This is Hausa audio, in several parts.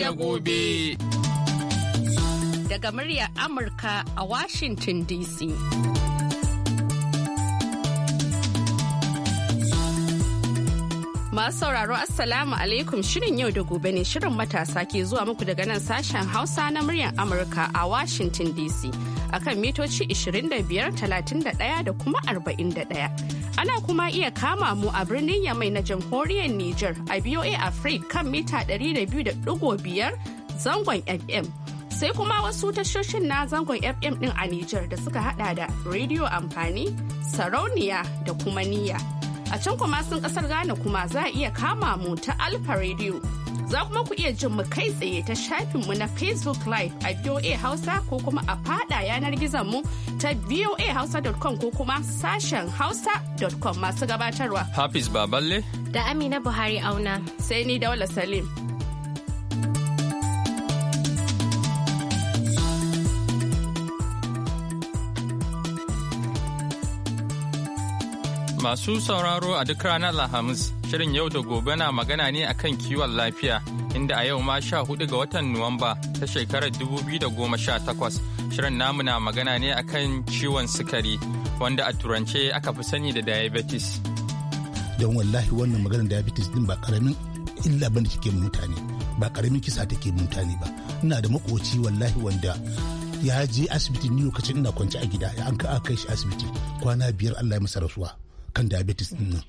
da gobe. Daga muryar Amurka a Washington DC. Masu sauraro Assalamu alaikum shirin yau da gobe ne shirin matasa ke zuwa muku daga nan sashen Hausa na muryar Amurka a Washington DC akan mitoci 25, 31 da kuma 41. Ana kuma iya kama mu a birnin Yamai na jamhuriyar Nijar a BOA Africa kan mita 200.5 zangon FM. Sai kuma wasu tashoshin na zangon FM din a Nijar da suka hada da Radio Amfani, Sarauniya da kuma niya A can kuma sun kasar Ghana kuma za a iya kama mu ta Alfa Radio. Za kuma ku iya jin mu kai tsaye ta shafinmu na Facebook Live a VOA Hausa ko kuma a faɗa yanar gizon mu ta voahausa.com ko kuma sashen hausa.com masu gabatarwa. Hafiz Baballe. Da Amina Buhari Auna. Sai ni Daula Salim. Masu sauraro a duk ranar Alhamis Shirin yau da gobe na magana ne akan kiwon lafiya, inda a yau ma sha hudu ga watan Nuwamba ta shekarar 2018. Shirin namu na magana ne akan ciwon sukari, wanda a turance aka fi sani da diabetes. Don wallahi wannan maganar diabetes din ba karamin illa bane kike mutane, ba karamin kisa take mutane ba. Ina da makoci wallahi wanda ya je asibiti ni lokacin ina kwance a gida an ka kai shi asibiti kwana biyar Allah ya masa rasuwa kan diabetes din nan.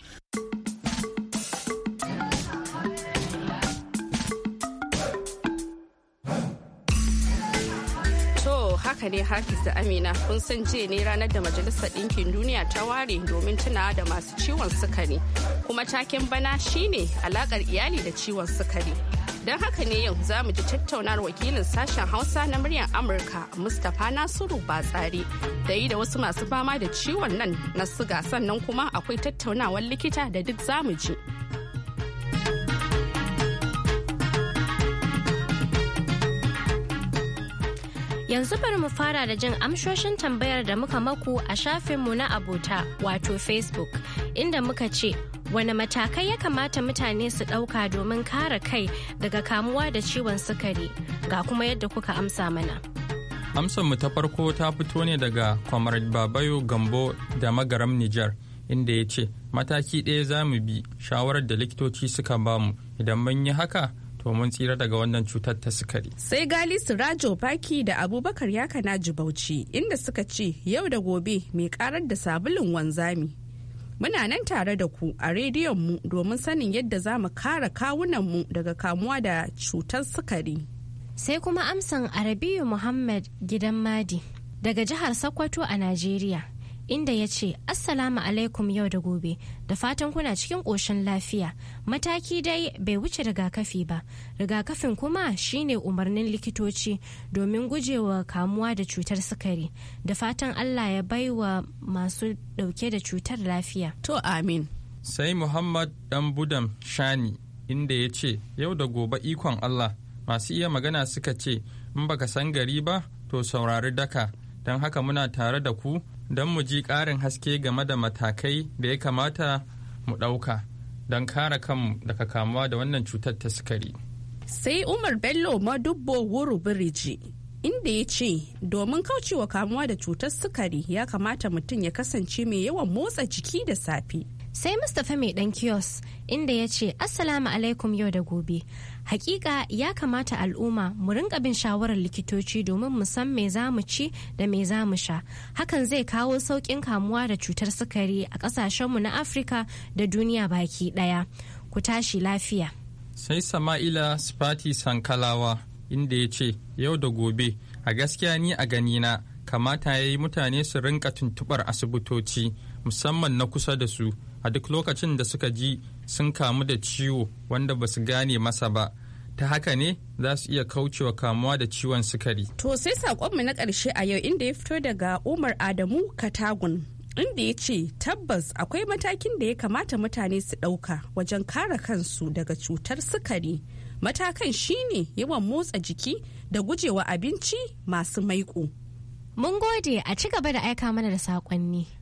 haka ne hafiz da amina kun san jiya ne ranar da majalisar ɗinkin duniya ta ware domin tunawa da masu ciwon sukari kuma taken bana shine alakar iyali da ciwon sukari don haka ne yau za mu ji tattaunar wakilin sashen hausa na muryar amurka mustapha nasiru batsari da yi da wasu masu fama da ciwon nan na suga sannan kuma akwai tattaunawar likita da duk za mu ji Yanzu bari mu fara da jin amshoshin tambayar da muka maku a shafinmu na abota wato Facebook inda muka ce wane matakai ya kamata mutane su ɗauka domin kare kai daga kamuwa da ciwon sukari ga kuma yadda kuka amsa mana. mu ta farko ta fito ne daga Comrade Babayo Gambo da magaram Nijar inda ya ce mataki ɗaya za mu bi shawarar da likitoci suka bamu idan mun yi haka to mun tsira daga wannan cutar ta sukari. Sai Gali Sirajo Baki da Abubakar ya Yakana Bauchi inda suka ce yau da gobe mai karar da sabulun wanzami. Muna nan tare da ku a rediyon mu domin sanin yadda za mu kare kawunanmu daga kamuwa da cutar sukari. Sai kuma amsan Arabiyu Muhammad Gidan Madi daga jihar Sokoto a Najeriya. inda ya ce assalamu alaikum yau da gobe da fatan kuna cikin ƙoshin lafiya mataki dai bai wuce rigakafi ba rigakafin kuma shine umarnin likitoci domin gujewa kamuwa da cutar sukari da fatan allah ya bai wa masu ɗauke da cutar lafiya to amin sai muhammad dan budam shani inda ya ce yau da gobe ikon allah masu iya magana suka ce in baka san gari ba to saurari daka don haka muna tare da ku don mu ji ƙarin haske game da matakai da ya kamata mu ɗauka don kare kanmu daga kamuwa da wannan cutar ta sukari. Sai Umar Bello ma dubbo Wuru Biriji inda ya ce domin kaucewa kamuwa da cutar sukari ya kamata mutum ya kasance mai yawan motsa jiki da safe. Sai Mustapha mai ɗan kiyos inda ya ce Assalamu alaikum yau da gobe. hakika ya kamata al'umma mu rinka bin shawarar likitoci domin mu san me za mu ci da me za mu sha hakan zai kawo sauƙin kamuwa da cutar sukari a ƙasashenmu na afirka da duniya baki ɗaya ku tashi lafiya sai sama'ila spati sankalawa inda ya ce yau da gobe a gaskiya ni a gani na kamata ya yi mutane su rinka tuntuɓar asibitoci musamman na kusa da su a duk lokacin da suka ji sun kamu da ciwo wanda ba su gane masa ba ta haka ne za su iya kaucewa kamuwa da ciwon sukari. To sai saƙonmu na ƙarshe a yau inda ya fito daga Umar Adamu Katagun inda ya ce tabbas akwai matakin da ya kamata mutane su ɗauka wajen kare kansu daga cutar sukari. Matakan shine yawan motsa jiki da gujewa abinci masu maiƙo. Mun gode a ci gaba da aika mana da saƙonni.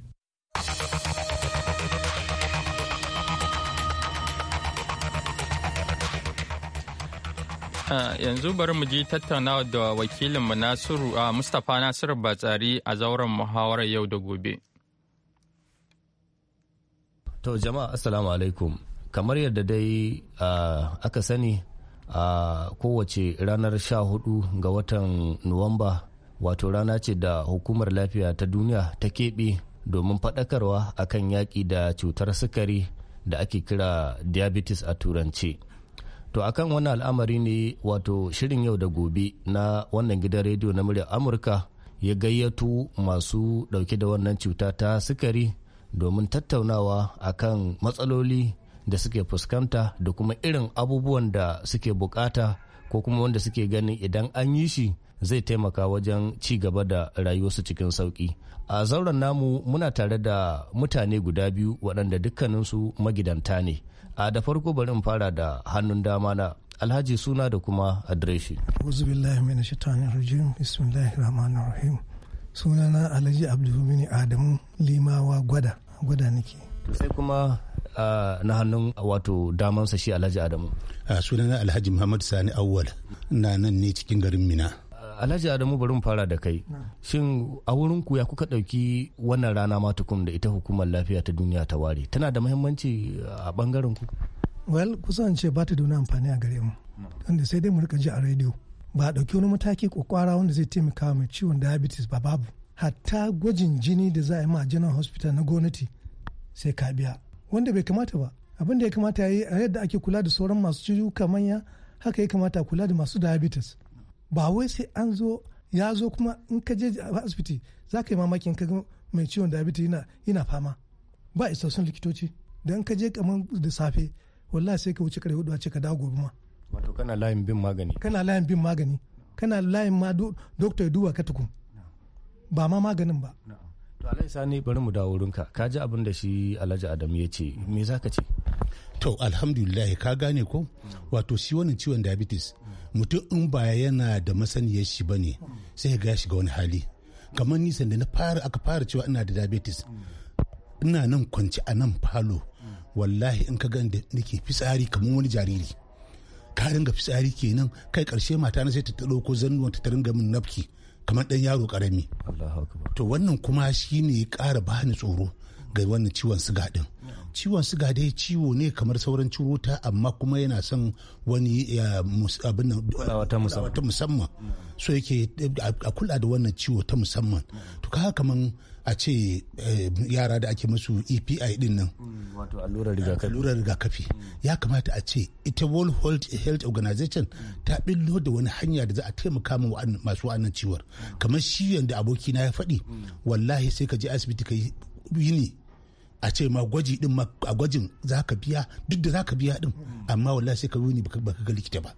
Ah, yanzu bari mu je tattaunawa da wakilinmu Nasiru a ah, Mustapha Nasiru Batsari a zauren muhawarar yau da gobe. To jama'a assalamu alaikum kamar yadda dai ah, aka sani a kowace ranar sha hudu ga watan Nuwamba wato rana ce da hukumar lafiya ta duniya ta keɓe domin faɗakarwa akan yaƙi da cutar sukari da ake kira diabetes a turance. To akan wani al'amari ne wato shirin yau da gobe na wannan gidan rediyo na muryar Amurka ya gayyato masu ɗauke da wannan cuta ta sukari domin tattaunawa akan matsaloli da suke fuskanta da kuma irin abubuwan da suke bukata ko kuma wanda suke ganin idan an yi shi zai taimaka wajen ci gaba da rayuwarsu cikin sauki. A zauren namu muna tare da mutane guda biyu waɗanda dukkaninsu magidanta ne. a da farko bari in fara da hannun dama na alhaji suna da kuma adireshi uzubillahi min shaitani rajim bismillahi rahmanir rahim sunana alhaji abdulmini adamu limawa gwada gwada nake sai kuma na hannun wato damansa shi alhaji adamu sunana alhaji muhammad sani awwal na nan ne cikin garin mina alhaji adamu bari mu fara da kai shin a wurin ku ya kuka ɗauki wannan rana ma tukun da ita hukumar lafiya ta duniya ta ware tana da muhimmanci uh, a bangaren ku well kusan ce ba ta da amfani a gare mu Wanda sai dai mu rika ji a rediyo ba a ɗauki wani mataki kwakwara wanda zai taimaka mai ciwon diabetes ba babu hatta gwajin jini da za a yi ma general hospital na gwamnati sai ka biya wanda bai kamata ba abin da ya kamata ya yi a yadda ake kula da sauran masu ciwuka manya haka ya kamata kula da masu diabetes ba wai sai an zo ya zo kuma in ka je asibiti za ka yi mamakin ka mai ciwon diabetes yana yana fama ba isassun likitoci dan ka je kamar da safe wallahi sai ka wuce kare hudu a ce ka dawo gobe ma wato kana layin bin magani kana layin bin magani kana layin ma doctor ya duba ka tukun ba ma maganin ba to alai sani bari mu dawo wurinka ka ji abin da shi alhaji adam ya ce me zaka ce to alhamdulillah ka gane ko wato shi wannan ciwon diabetes mutum in ba yana da masaniyar shi ba ne sai ga shiga wani hali kamar nisan da na fara aka fara cewa ina da diabetes ina nan kwanci a nan falo wallahi in ka ga da nake fitsari kamar wani jariri ka ringa fitsari kenan kai karshe mata na sai ta ko zannuwan ta ringa min nafki kamar ɗan yaro karami to wannan kuma shine ya ƙara bani tsoro ga wannan ciwon siga din ciwon siga dai ciwo ne kamar sauran ciwota amma kuma yana son wani abin wata musamman so yake a kula da wannan ciwo ta musamman to ka kamar a ce eh, yara da ake musu epi din nan allurar rigakafi ya kamata a ce ita world health organization ta billo da wani hanya da za a taimaka ma masu wannan ciwon kamar shi yadda abokina ya faɗi wallahi sai ka je asibiti ka yi yini a ce ma gwaji din a gwajin za biya duk da za ka biya din hmm. amma wallahi sai ka ba baka ga likita ba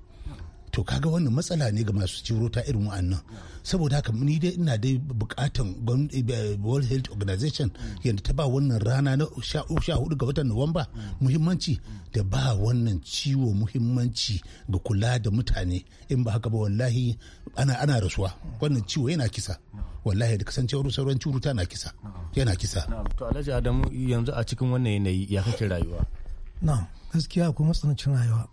to kaga wannan matsala ne ga masu ciro ta irin wa'annan saboda haka ni dai ina dai bukatan eh, eh, world health organization yadda ta ba wannan rana na sha hudu ga watan nuwamba muhimmanci da ba wannan ciwo muhimmanci ga kula da mutane in ba haka ba wallahi ana ana rasuwa wannan ciwo yana kisa wallahi da kasancewar sauran curuta na kisa yana kisa to alhaji adamu yanzu a cikin wannan yanayi ya kake rayuwa na gaskiya ko matsanancin rayuwa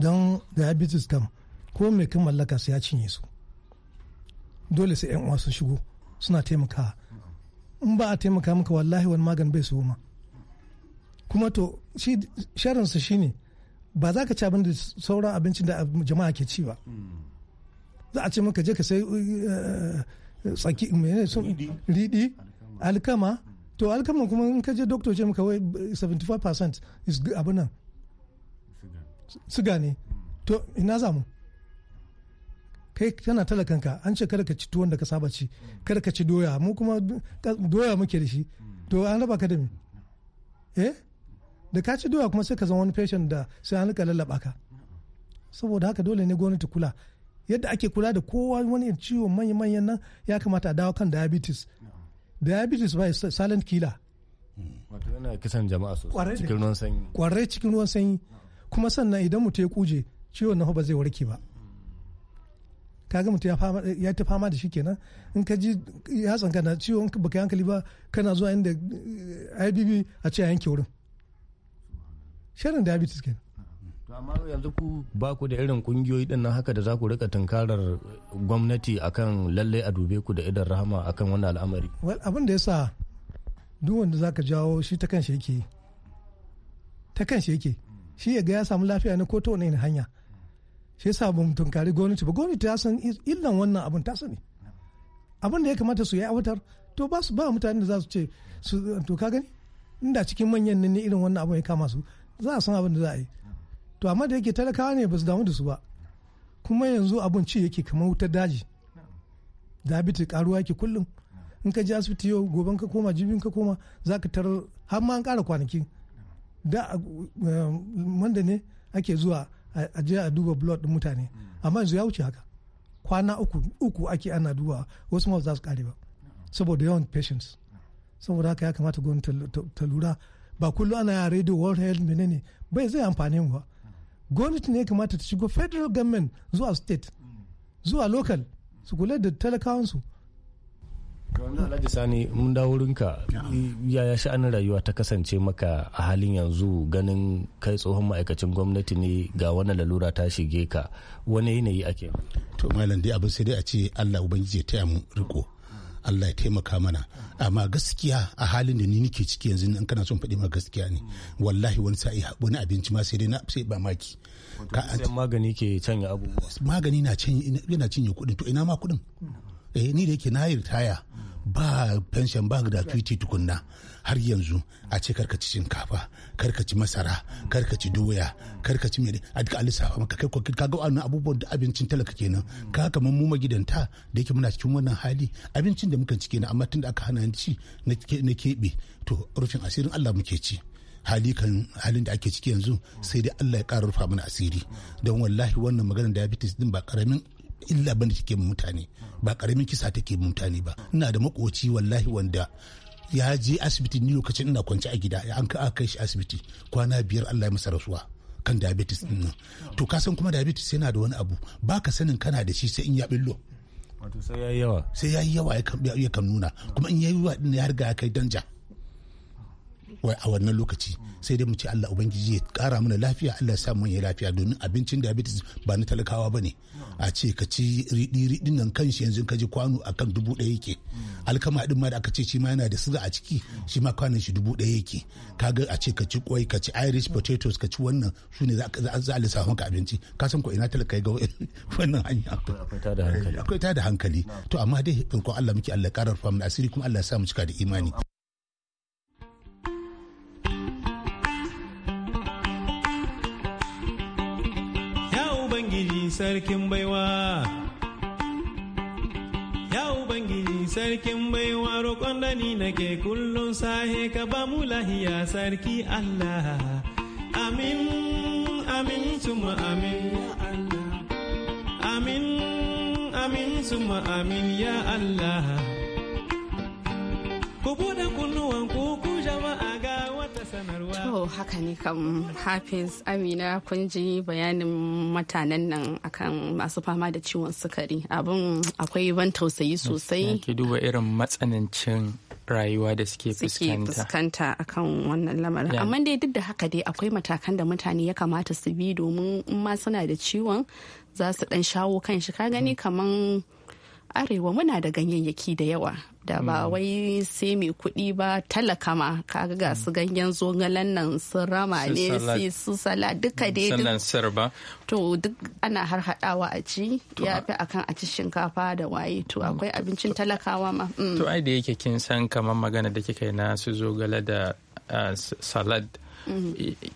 don diabetes kam ko mai kan mallaka su ya cinye su dole sai yan uwa sun shigo suna taimakawa in ba a taimaka maka wallahi wani magan bai su ma kuma to shi su shine ba za ka ci abin da sauran abincin da jama'a ke ci ba za a ce maka je ka sai eh, tsaki riɗi alkama hmm. to alkama kuma in ka je doktor ce maka wai 75% is abin nan siga ne hmm. to ina zamu kai talakan talakanka an ce kada ka ci tuwon da ka saba ci kada ka ci doya mu kuma doya muke da shi to an raba ka da me eh da ka ci doya kuma sai ka zama wani fashion da sai an rika lallaba ka saboda haka dole ne gwamnati kula yadda ake kula da kowa wani ciwo manya manyan nan ya kamata a dawo kan diabetes diabetes ba silent killer wato yana kisan jama'a sosai cikin ruwan sanyi kwarai cikin ruwan sanyi kuma sannan idan mutum ya kuje ciwon na ba zai warke ba ka ga mutum ya ta fama da shi kenan in ka ji yatsan ka na ciwon baka hankali ba kana zuwa inda eh, ibb a ce a yanke wurin shirin diabetes kenan amma yanzu ku ba ku da irin kungiyoyi din nan haka da za ku rika tunkarar gwamnati akan lalle a dube ku da idan rahama akan wannan al'amari well abin da yasa duk wanda zaka jawo shi ta kan shi yake ta kan shi yake shi ya ga ya samu lafiya ne ko ta wani hanya shi yasa ba mu tunkari gwamnati ba gwamnati ta san illan wannan abun ta sani abin da ya kamata su yi aiwatar to ba su ba mutane da za su ce su to ka gani inda cikin manyan ne irin wannan abun ya kama su za a san abin da za a yi to amma da yake talakawa ne ba su damu da su ba kuma yanzu abun ci yake kamar wutar daji dabiti karuwa yake kullum in ka ji asibiti yau goben ka koma jibin ka koma za ka tarar har ma an kara kwanaki da wanda eh, ne ake zuwa a je a duba blood din mutane mm. amma yanzu ya wuce haka kwana uku uku ake ana duba wasu ma za su kare ba saboda yawan patients saboda haka ya kamata gwamnati ta lura ba kullum ana ya radio world health menene bai zai amfani mu ba gwamnati ne ya kamata ta shigo federal government zuwa state mm. zuwa local su kula da talakawansu Alhaji Sani mun dawo wurinka yaya sha'anin rayuwa ta kasance maka a halin yanzu ganin kai tsohon ma'aikacin gwamnati ne ga wani lalura ta shige ka wani yanayi ake. To malam dai abin sai dai a ce Allah ubangiji ya taya mu riko. Allah ya taimaka mana amma gaskiya a halin da ni nake ciki yanzu in kana son faɗi ma gaskiya ne wallahi wani sa'i wani abinci ma sai dai na sai ba maki ka magani ke canya abubuwa magani na canya cinye kuɗin to ina ma kuɗin eh ni da yake na yi ritaya ba pension ba gratuity tukunna har yanzu a ce ci shinkafa karkaci masara karkaci doya karkaci mai a duka alisafa maka kai ka ga wani abubuwan da abincin talaka kenan ka kamar muma magidanta da yake muna cikin wannan hali abincin da muka cike na amma tun da aka hana ci na keɓe to rufin asirin Allah muke ci hali kan halin da ake ciki yanzu sai dai Allah ya ƙara rufa mana asiri don wallahi wannan maganar diabetes din ba karamin illa da take mu mutane ba karamin kisa take mu mutane ba ina da makoci wallahi wanda ya je asibiti ni lokacin ina kwance a gida an ka kai shi asibiti kwana biyar Allah ya masa rasuwa kan diabetes din to ka san kuma diabetes yana da wani abu baka sanin kana da shi sai in ya billo wato sai yayi yawa sai yayi yawa ya kan nuna kuma in yayi yawa din ya riga ya kai danja Wai a wannan lokaci sai dai mu ce Allah ubangiji ya kara mana lafiya Allah ya sa mu lafiya domin abincin diabetes ba na talakawa bane a ce ka ci riɗi riɗin nan kanshi yanzu ka ji kwano akan dubu ɗaya yake alkama din ma da aka ce shi ma yana da suga a ciki shi ma kwanon shi dubu ɗaya yake kaga a ce ka ci kwai ka ci irish potatoes ka ci wannan su ne za a lissafa maka abinci ka san ko ina talaka ga wannan hanya akwai ta da hankali to amma dai ko Allah muke Allah karar famu asiri kuma Allah ya sa mu cika da imani sarkin baiwa ya ubangiji sarkin baiwa roƙon da ni nake kullum sahe ka ba mu lahiya sarki allah amin amin tuma amin allah amin amin tuma amin ya allah ku buɗe kunnuwan ku jama'a To haka ne kam Hafiz Amina kun ji bayanin mutanen nan akan masu fama da ciwon sukari. Abin akwai ban tausayi sosai. Ki duba irin matsanancin rayuwa da suke fuskanta. Suke fuskanta akan wannan lamarin. Amma dai duk da haka dai akwai matakan da mutane ya kamata su bi domin in ma suna da ciwon za su dan shawo kan shi ka gani mm. kaman arewa muna da ganyayyaki da yawa da ba mm. wai sai mai kuɗi ba talaka ma kaga ga su mm. ganyen zogalen nan sun rama ne sai su sala duka mm, dai duk ba to duk ana har haɗawa a ci ya fi akan a ci shinkafa da waye to akwai abincin talakawa ma to ai da yake kin san kamar magana da kika yi na su zogale da ah, salad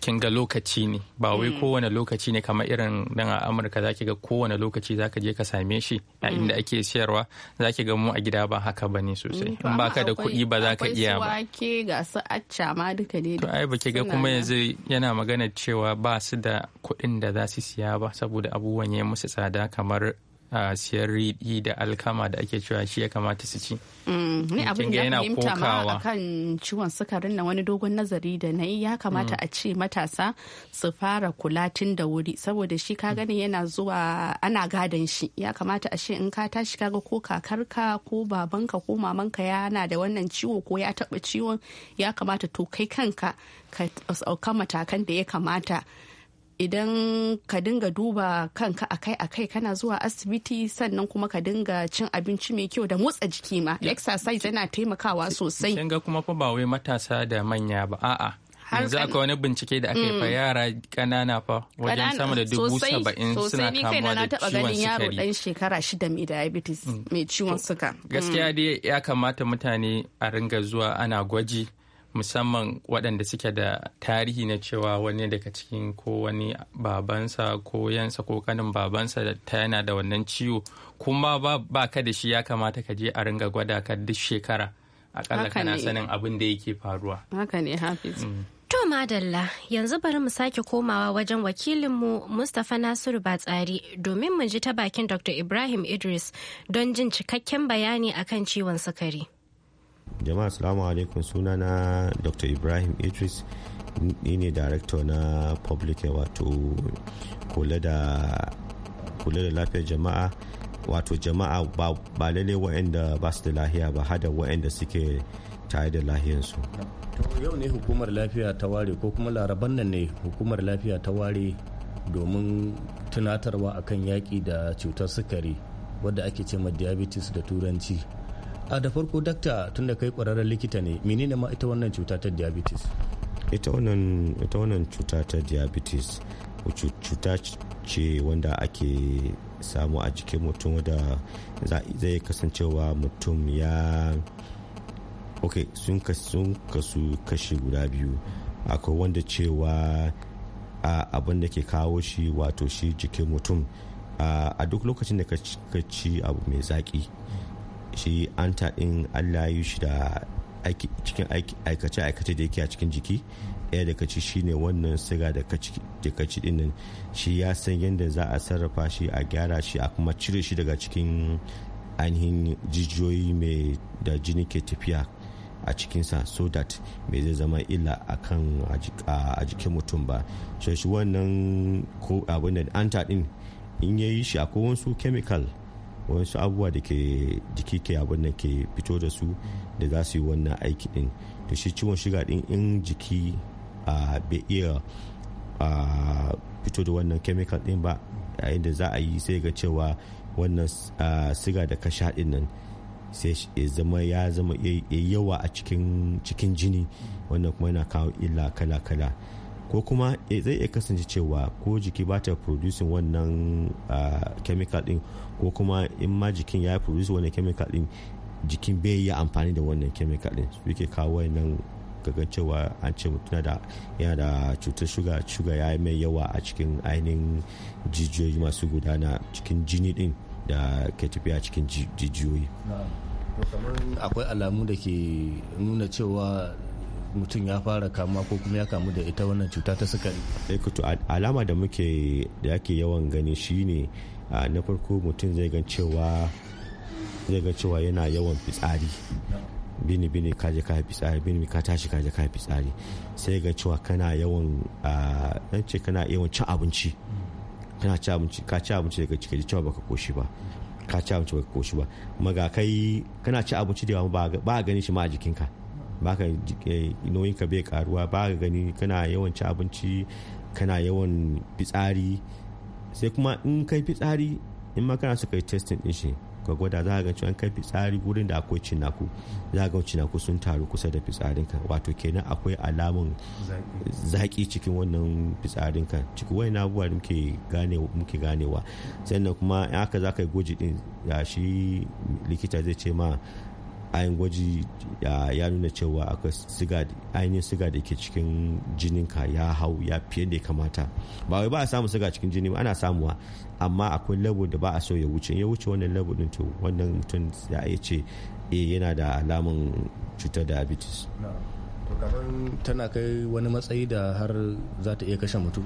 kin ga lokaci ne ba wai mm. kowane lokaci ne kamar irin nan a Amurka zaki ga kowane lokaci zaka je ka same shi a inda mm. ake siyarwa zaki ga mu a gida ba haka ba ne sosai mm, in ba ka da kuɗi ba za ka iya ba ga su acca ma duka ne to ai baki ga kuma yanzu yana magana cewa ba su da kuɗin da za su siya ba saboda abubuwan ya musu tsada kamar a siyar riɗi da alkama da ake cewa shi ya kamata su ci. Mm, ni abin da ya fahimta ma kan ciwon sukarin na wani dogon nazari da na yi ya kamata mm. a ce matasa su fara kula tun da wuri saboda shi ka gani mm. yana zuwa ana gadon shi ya kamata a ce in ka tashi kaga ko kakarka ko babanka ko mamanka yana da wannan ciwo ko ya taɓa ciwon ya kamata to kai kanka ka matakan da ya kamata idan ka dinga duba kanka akai-akai kana zuwa asibiti sannan kuma ka dinga cin abinci mai kyau da motsa jiki ma exercise yana taimakawa sosai kin ga kuma fa ba wai matasa da manya ba a'a yanzu aka wani bincike da aka yi fa mm. yara kanana fa wajen sama da dubu saba'in suna kamuwa da ciwon sukari. Sosai ni taɓa ganin yaro ɗan shekara shida mai diabetes mm. mai ciwon suka. Mm. Gaskiya dai ya kamata mutane a ringa zuwa ana gwaji musamman waɗanda suke da tarihi na cewa wani daga cikin ko wani babansa ko yansa ko kanin babansa ta yana da wannan ciwo kuma ba ka da shi ya kamata ka je a ringa gwada ka duk shekara akalla kana sanin abin da yake faruwa haka ne hafiz mm. To madalla yanzu bari mu sake komawa wajen wakilinmu Mustapha Nasiru Batsari domin mu ji ta bakin Dr. Ibrahim Idris don jin cikakken bayani akan ciwon sukari. jama'a salamu alaikum sunana dr ibrahim idris ni ne director na public wato kula da lafiyar jama'a wato jama'a ba lalle waɗanda ba su da lahiya ba hada waɗanda suke tare da lahiyansu yau ne hukumar lafiya ta ware ko kuma laraban nan ne hukumar lafiya ta ware domin tunatarwa akan yaƙi da cutar sukari wadda ake ce ma diabetes da turanci a da farko dakta tunda kai kwararren likita ne menene ma ita wannan cuta ta diabetes ita wannan cuta ta diabetes cuta ce wanda ake samu a jikin mutum wanda zai kasancewa mutum ya ok sun kasu kashi guda biyu akwai wanda cewa abin da ke kawo shi wato shi jikin mutum a duk lokacin da ka ci abu mai zaƙi. shi an taɗin allah ya yi shi da cikin aikace-aikace da yake a cikin jiki ɗaya da kaci shine wannan siga da kaci ɗin nan shi ya san yadda za a sarrafa shi a gyara shi a kuma cire shi daga cikin ainihin jijiyoyi mai da jini ke tafiya a cikinsa so that mai zai zama illa a kan a jikin mutum ba shi wannan ko abin da anta ɗin in ya yi shi akwai wasu chemical wasu abubuwa da ke jiki ke abin da ke fito da su da za su yi wannan aiki din to shi ciwon shiga din in jiki bai iya fito da wannan chemical din ba yayin da za a yi sai ga cewa wannan siga da ka sha nan sai ya zama ya zama yawa a cikin jini wannan kuma yana kawo illa kala-kala ko kuma eh, zai iya kasance cewa ko jiki ba ta producing wannan ah, chemical din ko kuma in ma jikin ya produce wannan chemical din jikin bai yi amfani da wannan chemical din su yake kawo nan gaga cewa an ce mutum da yana da cutar shuga shuga ya yi mai yawa a cikin ainihin jijiyoyi masu gudana cikin jini din da ke a cikin jijiyoyi akwai alamu da ke nuna cewa mutum ya fara kama ko kuma ya kamu da ita wannan cuta ta sukari eh, alama da muke da ake yawan gani shine ah, na farko mutum zai gan cewa zai ga cewa yana yawan fitsari bini bini ka je ka fitsari bini ka tashi ka je ka fitsari sai ga cewa kana yawan dan ah, ce kana yawan cin abinci kana ci abinci ka ci abinci daga ciki cewa baka koshi ba ka ci abinci baka koshi ba maga kai kana ci abinci da ba ba a ganin shi ma a jikinka baka nauyin ka bai karuwa ba ka gani kana yawan ci abinci kana yawan fitsari sai kuma in kai fitsari in ma kana so kai testing din shi ka gwada za ka ga cewa kai fitsari gurin da akwai cinaku za ka ga cinaku sun taru kusa da fitsarinka wato kenan akwai alamun zaki cikin wannan fitsarinka cikin wani abubuwa da muke gane muke ganewa sannan kuma in aka za ka yi gwaji din ya shi likita zai ce ma ayin gwaji ya nuna cewa akwai siga ainihin siga da ke cikin jininka ya hau ya fiye da ya kamata ba wai ba a samu siga cikin jini ana samuwa amma akwai level da ba a so ya wuce ya wuce wannan level din to wannan mutum ya iya ce eh, yana da alamun cutar diabetes tana kai wani matsayi da har za ta iya kashe mutum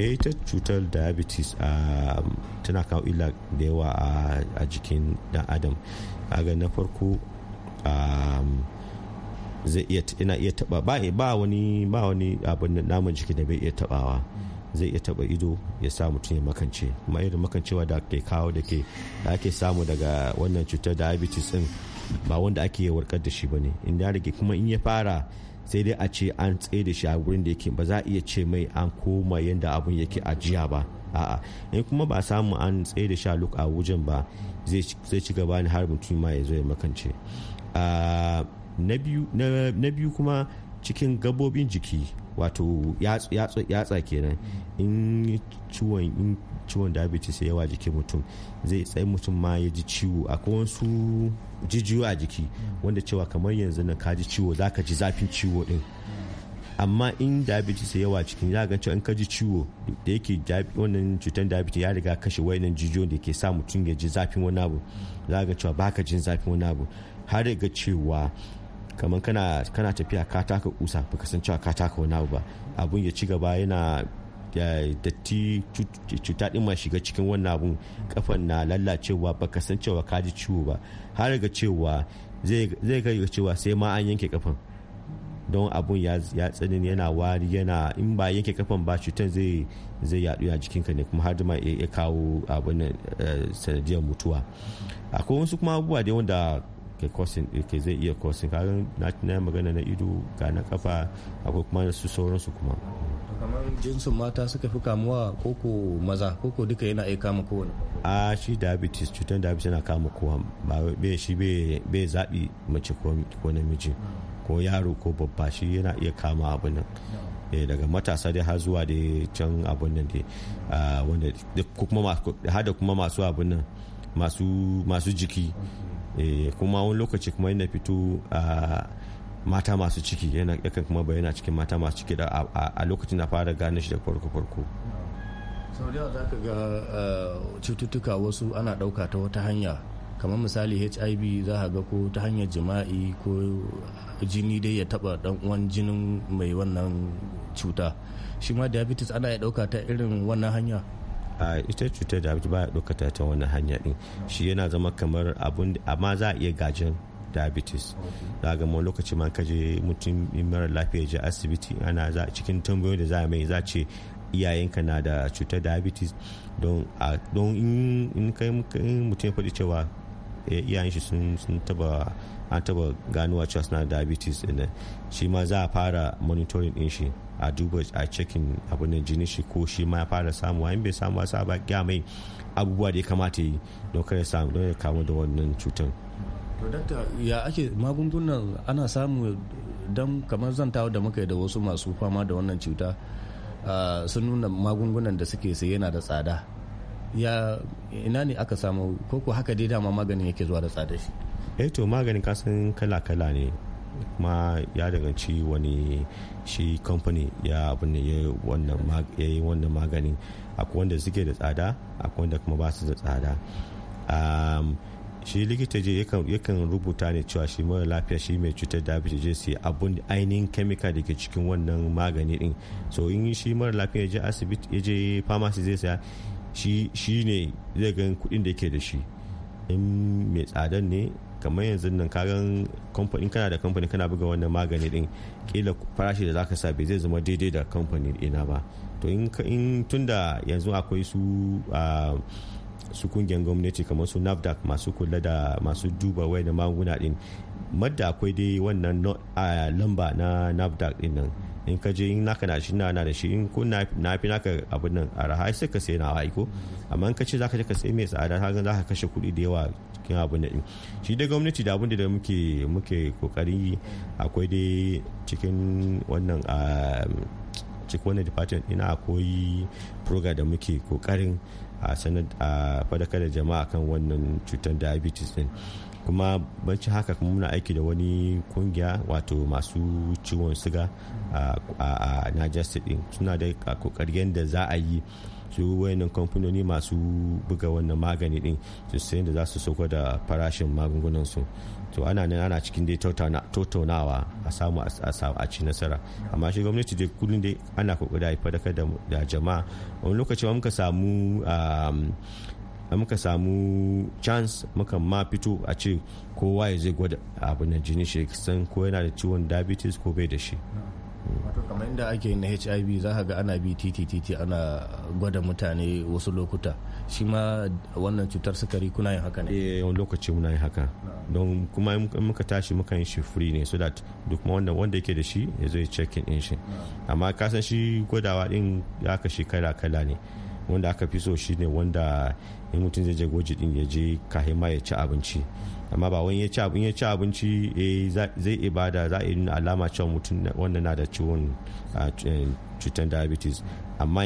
eh ta cutar diabetes um, tana kawo ila da yawa a jikin dan adam aga na farko Um, zai iya ina iya taba ba ba wani ba wani abin naman jiki da bai iya tabawa zai iya taba ido ya sa mutum ya makance kuma irin makancewa da ke kawo da ke da ake samu daga wannan cutar diabetes din ba wanda ake yi warkar da shi bane in da rage kuma in ya fara sai dai a ce an tsaye da shi a gurin da yake ba za a iya ce mai an koma yadda abun yake ajiya ba a'a in kuma ba samu an tsaye da shi a wajen ba zai ci gaba ne har mutum ma ya zo ya makance na biyu kuma cikin gabobin jiki wato yatsa kenan in ciwon ciwon diabetes ya yawa jikin mutum zai tsaye mutum ma ya ji ciwo a wasu jijiyo a jiki wanda cewa kamar yanzu na kaji ciwo zaka ji zafin ciwo din amma in diabetes yawa cikin ya ga in ka ji ciwo da yake wannan cutar diabetes ya riga kashe wayannan jijiyoyin da ke sa mutum ya ji zafin wani abu za ga cewa baka jin zafin wani abu har ga cewa kamar kana tafiya ka taka kusa ka san cewa ka taka wani abu ba abun ya ci gaba yana datti cuta din ma shiga cikin wannan abun kafan na lallacewa ka san cewa ka ji ciwo ba har ga cewa zai kai ga cewa sai ma an yanke kafan don abun ya tsani yana wari yana in ba yanke kafan ba cutar zai zai yadu a jikinka ne kuma har ma ya kawo abun eh, sanadiyar mutuwa akwai wasu kuma abubuwa da wanda ke kosin ke zai iya kosin kaga na na magana na ido ga na kafa akwai kuma da su sauransu kuma kamar jinsin mata suka fi kamuwa koko maza koko duka yana iya kama kowane a shi diabetes cutar diabetes yana kama kowa ba bai shi bai zabi mace ko namiji ko yaro ko babba shi yana iya kama abu nan eh, daga matasa dai har zuwa da can abun nan wanda da kuma masu abun nan masu jiki Eh, kuma wani lokaci kuma yana fito a mata masu ciki yana yakan kuma bayyana cikin mata masu ciki da a lokacin na fara gane shi da farko farko sau da za ka ga cututtuka wasu ana ɗauka ta wata hanya kamar misali hiv za ga ko ta hanyar jima'i ko jini dai ya taba dan uwan jinin mai wannan cuta shi ma diabetes ana ya ɗauka ta irin wannan hanya a ita cutar ba ya ɗaukata ta wani hanya ɗin shi yana zama kamar abun amma za a iya gajin diabetes za ga mu lokaci ma kaje mutum mara lafiya je asibiti ana za cikin tambayoyin da za a mai za ce iyayenka na da cutar diabetes don in kai mutum ya faɗi cewa eh, iyayen shi sun taba an taba ganowa cewa suna diabetes din shi ma za a fara monitoring din shi a duba a cikin abin jini shi ko shi ma ya fara samuwa in bai samu wasa ba gya mai abubuwa da ya kamata yi don kare samu don ya kamu da wannan cutar ya ake magungunan ana samu don kamar zantawa da muka yi da wasu masu fama da wannan cuta sun nuna magungunan da suke sai yana da tsada ya ina ne aka samu koko haka dai dama maganin yake zuwa da tsada shi eh to maganin kasan kala-kala ne kuma ya ci wani shi kamfani ya abin ya yi wannan maganin akwai wanda suke da tsada akwai wanda kuma ba su da tsada shi likita je yakan rubuta ne cewa shi mara lafiya shi mai cutar diabetes je sai abun ainihin kemika da ke cikin wannan magani din so in shi mara lafiya ya je asibiti ya je pharmacy zai saya shi ne zai gan kudin da ke da shi in mai tsadan ne kamar yanzu nan kagan kamfanin kana da kamfani kana buga wannan magani din kila farashi da zaka sa bai zai zama daidai da kamfani ina ba to in tunda yanzu akwai su su kungiyar gwamnati kamar su nafdac masu kula da masu duba wai da maguna din madda akwai dai wannan lamba na nafdak din nan in ka je in naka na shi na da shi in ko na fi naka abu nan a raha sai ka sai na aiko amma in ka ce zaka je ka sai mai tsada ka za ka kashe kuɗi da yawa cikin abin nan shi da gwamnati da abin da muke muke yi akwai dai cikin wannan cikin wannan department ina akwai program da muke kokarin a sanar a fadakar da jama'a kan wannan cutar diabetes din kuma banci haka kuma muna aiki da wani kungiya wato masu ciwon siga a niger state suna da kokari da za a yi su wayannan kamfanoni masu buga wannan magani din su sayan da za su soko da farashin magungunan su to ana nan ana cikin dai tattaunawa a samu a ci nasara amma shi gwamnati dai kullum dai ana kokari a fadakar da jama'a wani lokaci muka samu um, muka samu chance muka ma fito a ce kowa ya zai gwada abin da jini shi san ko yana da ciwon diabetes ko bai da shi wato kamar inda ake yin na hiv za ka ga ana bi titi titi ana gwada mutane wasu lokuta shi ma wannan cutar sukari kuna yin haka ne eh wani lokaci muna yin haka don kuma muka tashi muka yin shi free ne so that duk wanda wanda yake da shi ya zai check in shi amma ka san shi gwadawa din ya ka shekara kala ne wanda aka fi so shine wanda in mutum zai je goji din ya je kahin ma ya ci abinci amma ba wani ya ci abinci eh, zai ibada za a yi alama cewa mutum wanda na da ciwon eh, cutar diabetes amma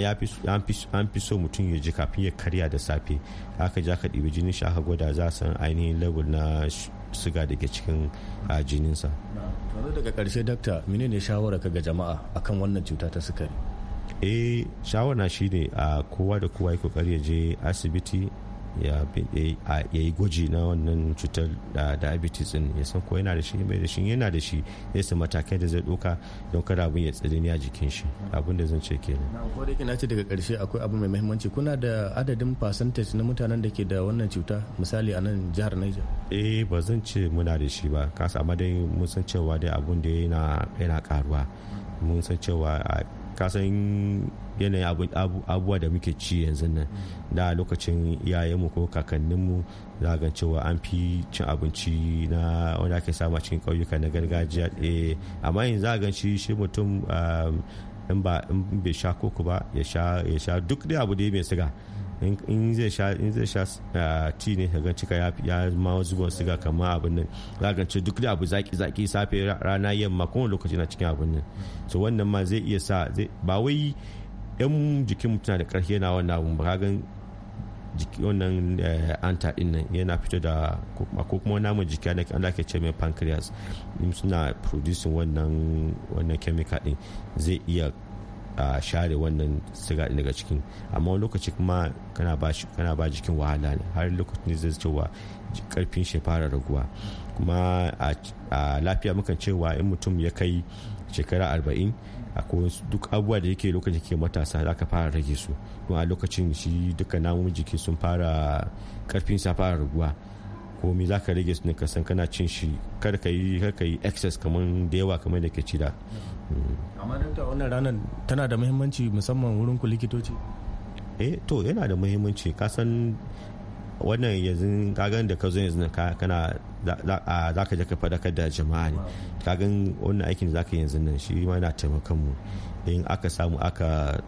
an fi so mutum ya ji kafin ya karya da safe aka ji aka ɗibi jinin shi aka gwada za a san ainihin level na siga da ke cikin jininsa. daga ƙarshe dakta menene shawara ka ga jama'a akan wannan cuta ta sukari? eh shawara shine a kowa da kowa ya kokari ya je asibiti ya ya yi gwaji na wannan cutar da diabetes din ya san ko yana da shi mai da shi yana da shi ya san matakai da zai doka don kada abin ya tsiri ne a jikin shi abin da zan ce kenan ko da kina ce daga karshe akwai abu mai muhimmanci kuna da adadin percentage na mutanen da ke da wannan cuta misali a nan jihar Niger eh ba zan ce muna da shi ba kasa amma dai mun san cewa dai abun da yana yana karuwa mun san cewa kasan yanayin abubuwa da muke ci yanzu nan da lokacin iyayenmu ko kakanninmu za ga cewa an fi cin abinci na wanda ake samu cikin ƙauyuka na gargajiya eh, amma yin za ga shi mutum ah, in bai sha koko ba ya sha duk da abu da mai siga in zai sha in zai sha eh, ti ne ga cika ya ya ma zugon siga kamar abin nan za ce duk da abu zaki zaki safe rana yamma kowane lokaci na cikin abin nan so wannan ma zai iya sa ba wai yan jikin mutum da karfi yana wannan abun ba kagan wannan eh, anta din nan yana fito da ko kuma namu jiki da ake ce mai pancreas suna producing wannan wannan chemical din zai iya a share wannan siga daga cikin amma wani lokaci kuma kana ba jikin wahala ne har lokacin zai cewa karfin shi fara raguwa kuma a lafiya mukan cewa in mutum ya kai shekara arba'in akwai duk abubuwa da yake lokacin ke matasa za ka fara rage su kuma a lokacin shi duka namun jiki sun fara karfin sa fara raguwa komi za ka rage su ne ka san kana cin shi karka yi karka yi excess kamar da yawa kamar da ke ci da mm. amma dokta wannan ranar tana da muhimmanci musamman wurin ku likitoci eh to yana da muhimmanci ka san wannan yanzu kagan da ka zo yanzu kana za ka je ka fadakar da jama'a ne kagan wannan aikin da za ka yanzu nan shi ma na taimakon mu in aka samu aka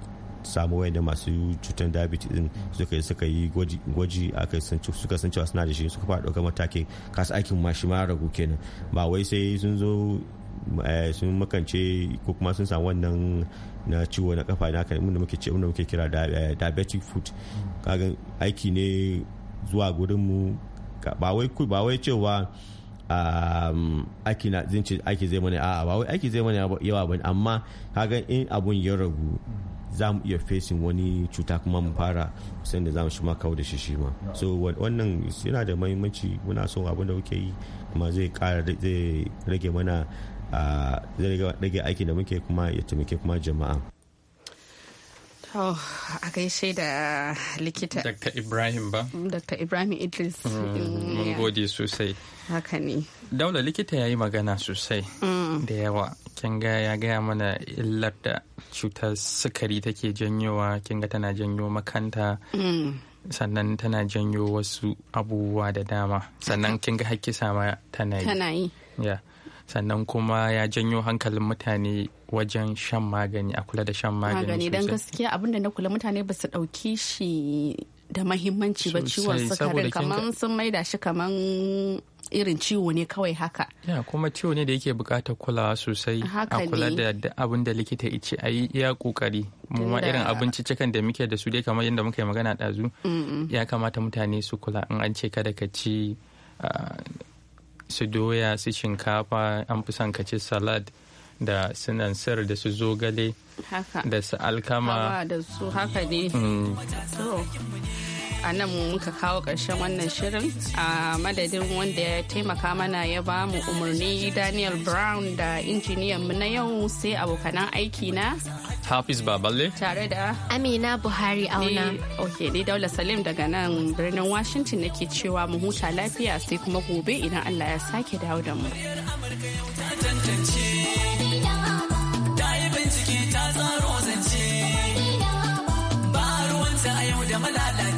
samu da masu cutar diabetes din suka yi suka yi gwaji aka suka san cewa suna da shi suka fara ɗaukar matakin kasu aikin ma shi ma ragu kenan ba wai sai sun zo eh, sun makance ko kuma sun samu wannan na ciwo na kafa na kan da muke ce da muke kira eh, diabetic foot kaga aiki ne zuwa gurin mu ba wai ba wai cewa aiki na zai aiki zai mana a'a ba wai aiki zai mana yawa bane amma kaga in abun ya ragu za mu iya facing wani cuta kuma mu fara kusan da za mu shi ma kawo da shi shi ma so wannan yana da mahimmanci muna son abin da muke yi kuma zai kara zai rage mana ah, zai rage aikin da muke kuma ya taimake kuma jama'a Oh, a gaishe da likita. Dr. Ibrahim ba? Mm, Dr. Ibrahim Idris. Mm, mm, mun gode sosai. Haka ne. Daula likita ya yi magana sosai da yawa. Kin ga ya gaya mana illar da cutar sukari take janyowa, kin ga tana janyo makanta. Sannan tana janyo wasu abubuwa da dama. Sannan kin ga hakki sama tana yi. Tana yi. sannan kuma ya janyo hankalin mutane wajen shan magani a kula da shan magani magani don gaskiya abinda na kula mutane ba su ɗauki shi da mahimmanci ba ciwon sukarin kaman sun maida shi kaman irin ciwo ne kawai haka. Ya kuma ciwo ne da yake bukatar kulawa sosai a kula da abin da likita ice a yi iya kokari mu ma irin abinci cikin da muke da su dai kamar yadda muka yi magana ɗazu ya kamata mutane su kula in an ce kada ka ci ah, su doya su shinkafa an fi son ka ci salad da su nansir da su zogale da su alkama da su haka ne mm. a nan muka kawo ƙarshen wannan shirin a madadin wanda ya taimaka mana ya ba mu umarni daniel brown da injiniyan mu na yau sai abokanan aiki na hafiz baballe tare da amina buhari auna ok ni daula salim daga nan birnin washington nake cewa mu huta lafiya sai kuma gobe idan allah ya sake dawo da mu